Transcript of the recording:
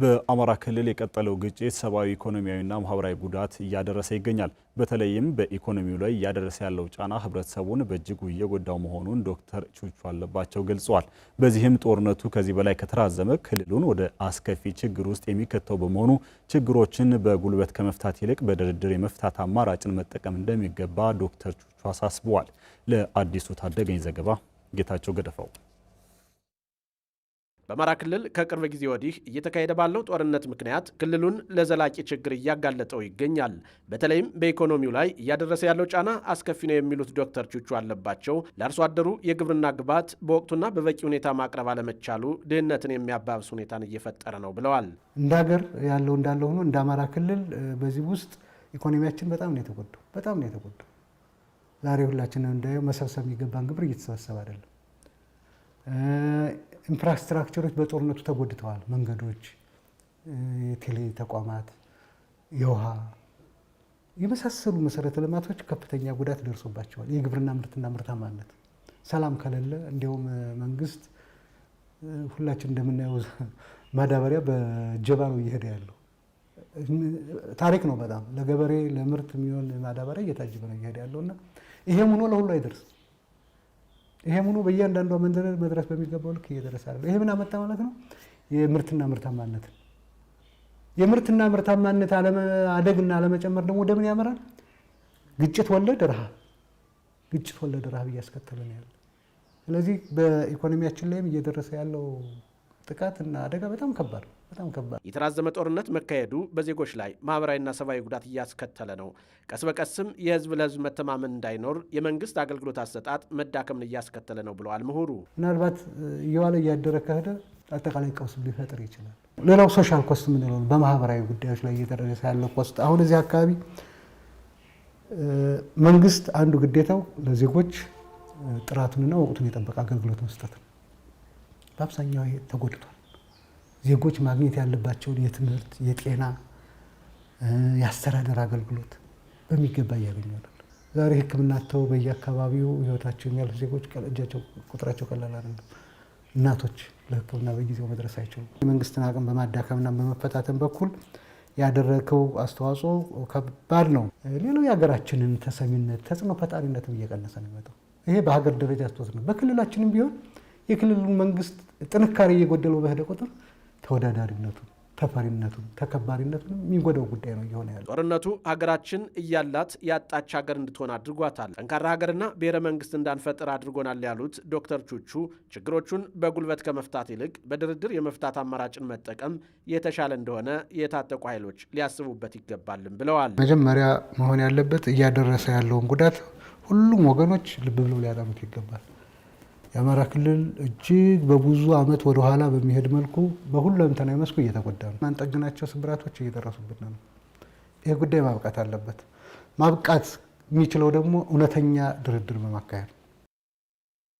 በአማራ ክልል የቀጠለው ግጭት ሰብአዊ፣ ኢኮኖሚያዊና ማህበራዊ ጉዳት እያደረሰ ይገኛል። በተለይም በኢኮኖሚው ላይ እያደረሰ ያለው ጫና ህብረተሰቡን በእጅጉ እየጎዳው መሆኑን ዶክተር ቹቹ አለባቸው ገልጸዋል። በዚህም ጦርነቱ ከዚህ በላይ ከተራዘመ ክልሉን ወደ አስከፊ ችግር ውስጥ የሚከተው በመሆኑ ችግሮችን በጉልበት ከመፍታት ይልቅ በድርድር የመፍታት አማራጭን መጠቀም እንደሚገባ ዶክተር ቹቹ አሳስበዋል። ለአዲሱ ታደገኝ ዘገባ ጌታቸው ገደፋው በአማራ ክልል ከቅርብ ጊዜ ወዲህ እየተካሄደ ባለው ጦርነት ምክንያት ክልሉን ለዘላቂ ችግር እያጋለጠው ይገኛል። በተለይም በኢኮኖሚው ላይ እያደረሰ ያለው ጫና አስከፊ ነው የሚሉት ዶክተር ቹቹ አለባቸው ለአርሶ አደሩ የግብርና ግብዓት በወቅቱና በበቂ ሁኔታ ማቅረብ አለመቻሉ ድህነትን የሚያባብስ ሁኔታን እየፈጠረ ነው ብለዋል። እንደ ሀገር ያለው እንዳለ ሆኖ እንደ አማራ ክልል በዚህ ውስጥ ኢኮኖሚያችን በጣም ነው የተጎዳው። በጣም ነው የተጎዳው። ዛሬ ሁላችንም እንዳየው መሰብሰብ የሚገባን ግብር እየተሰበሰበ አይደለም። ኢንፍራስትራክቸሮች በጦርነቱ ተጎድተዋል። መንገዶች፣ የቴሌ ተቋማት፣ የውሃ የመሳሰሉ መሰረተ ልማቶች ከፍተኛ ጉዳት ደርሶባቸዋል። የግብርና ምርትና ምርታማነት ሰላም ከሌለ እንዲያውም መንግስት ሁላችን እንደምናየው ማዳበሪያ በጀባ ነው እየሄደ ያለው። ታሪክ ነው በጣም ለገበሬ ለምርት የሚሆን ማዳበሪያ እየታጀበ ነው እየሄደ ያለው እና ይሄም ሆኖ ለሁሉ አይደርስም። ይሄ ሙሉ በእያንዳንዷ መንደር መድረስ በሚገባው ልክ እየደረሰ አይደለም። ይሄ ምን አመጣ ማለት ነው? የምርትና ምርታማነትን የምርትና ምርታማነት አደግና አለመጨመር ደግሞ ወደ ምን ያመራል? ግጭት ወለድ ረሃብ፣ ግጭት ወለድ ረሃብ እያስከተለ ነው ያለ። ስለዚህ በኢኮኖሚያችን ላይም እየደረሰ ያለው ጥቃትና አደጋ በጣም ከባድ በጣም ከባድ የተራዘመ ጦርነት መካሄዱ በዜጎች ላይ ማህበራዊና ሰብአዊ ጉዳት እያስከተለ ነው። ቀስ በቀስም የህዝብ ለህዝብ መተማመን እንዳይኖር የመንግስት አገልግሎት አሰጣጥ መዳከምን እያስከተለ ነው ብለዋል ምሁሩ። ምናልባት እየዋለ እያደረ ከሄደ አጠቃላይ ቀውስ ሊፈጥር ይችላል። ሌላው ሶሻል ኮስት የምንለው በማህበራዊ ጉዳዮች ላይ እየደረሰ ያለ ኮስት አሁን እዚህ አካባቢ መንግስት አንዱ ግዴታው ለዜጎች ጥራቱንና ወቅቱን የጠበቀ አገልግሎት መስጠት ነው። በአብዛኛው ተጎድቷል። ዜጎች ማግኘት ያለባቸውን የትምህርት፣ የጤና፣ የአስተዳደር አገልግሎት በሚገባ እያገኙ ዛሬ ሕክምና ተው በየአካባቢው ህይወታቸው የሚያልፍ ዜጎች እጃቸው ቁጥራቸው ቀላል አይደለም። እናቶች ለሕክምና በጊዜው መድረስ አይችሉም። የመንግስትን አቅም በማዳከምና በመፈታተን በኩል ያደረገው አስተዋጽኦ ከባድ ነው። ሌላው የሀገራችንን ተሰሚነት ተጽዕኖ ፈጣሪነትም እየቀነሰ ነው የሚመጣው። ይሄ በሀገር ደረጃ ስትወስድ ነው። በክልላችንም ቢሆን የክልሉን መንግስት ጥንካሬ እየጎደለው በሄደ ቁጥር ተወዳዳሪነቱ ተፈሪነቱ ተከባሪነቱ የሚጎዳው ጉዳይ ነው እየሆነ ያለ። ጦርነቱ ሀገራችን እያላት ያጣች ሀገር እንድትሆን አድርጓታል። ጠንካራ ሀገርና ብሔረ መንግስት እንዳንፈጥር አድርጎናል ያሉት ዶክተር ቹቹ ችግሮቹን በጉልበት ከመፍታት ይልቅ በድርድር የመፍታት አማራጭን መጠቀም የተሻለ እንደሆነ የታጠቁ ኃይሎች ሊያስቡበት ይገባልም ብለዋል። መጀመሪያ መሆን ያለበት እያደረሰ ያለውን ጉዳት ሁሉም ወገኖች ልብ ብለው ሊያጠኑት ይገባል። የአማራ ክልል እጅግ በብዙ ዓመት ወደኋላ በሚሄድ መልኩ በሁሉም ተናይ መስኩ እየተጎዳ ነው። ማንጠግናቸው ስብራቶች እየደረሱብን ነው። ይህ ጉዳይ ማብቃት አለበት። ማብቃት የሚችለው ደግሞ እውነተኛ ድርድር በማካሄድ